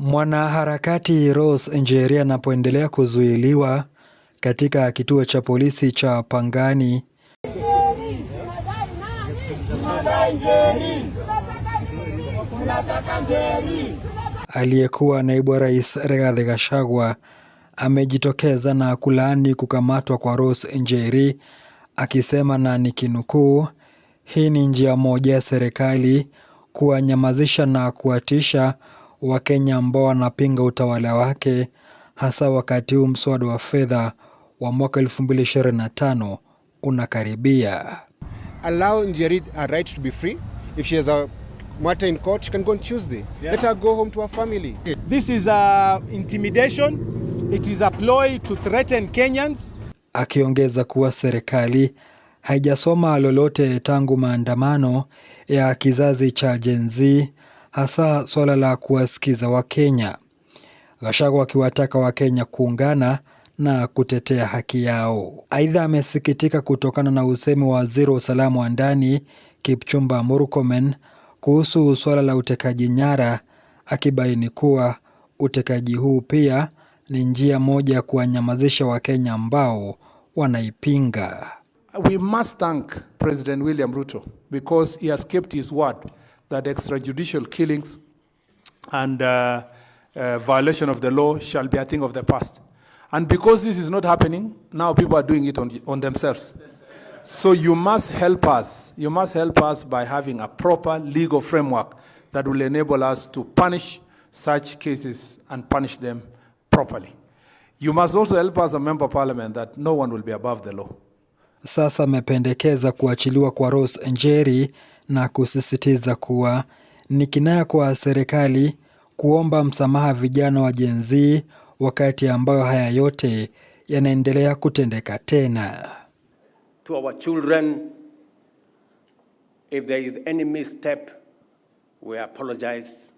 Mwanaharakati Rose Njeri anapoendelea kuzuiliwa katika kituo cha polisi cha Pangani aliyekuwa naibu wa rais Rigathi Gachagua amejitokeza na kulaani kukamatwa kwa Rose Njeri akisema, na nikinukuu, hii ni njia moja ya serikali kuwanyamazisha na kuwatisha Wakenya ambao wanapinga utawala wake, hasa wakati huu mswada wa fedha wa mwaka 2025 unakaribia. Allow Njeri a right to be free. If she has a matter in court, she can go on Tuesday. Yeah. Let her go home to her family. This is a intimidation. It is a ploy to threaten Kenyans. Akiongeza kuwa serikali haijasoma lolote tangu maandamano ya kizazi cha Gen Z hasa swala la kuwasikiza Wakenya. Gachagua akiwataka Wakenya kuungana na kutetea haki yao. Aidha, amesikitika kutokana na usemi wa waziri wa usalama wa ndani Kipchumba Murkomen kuhusu suala la utekaji nyara, akibaini kuwa utekaji huu pia ni njia moja ya kuwanyamazisha Wakenya ambao wanaipinga. We must thank President William Ruto because he has kept his word. that extrajudicial killings and uh, uh, violation of the law shall be a thing of the past. And because this is not happening, now people are doing it on, on themselves. So you must help us. You must help us by having a proper legal framework that will enable us to punish such cases and punish them properly. You must also help us a member of parliament that no one will be above the law. Sasa mependekeza kuachiliwa kwa Rose Njeri na kusisitiza kuwa ni kinaya kwa serikali kuomba msamaha vijana wa Gen Z wakati ambayo haya yote yanaendelea kutendeka tena. To our children, if there is any misstep, we apologize.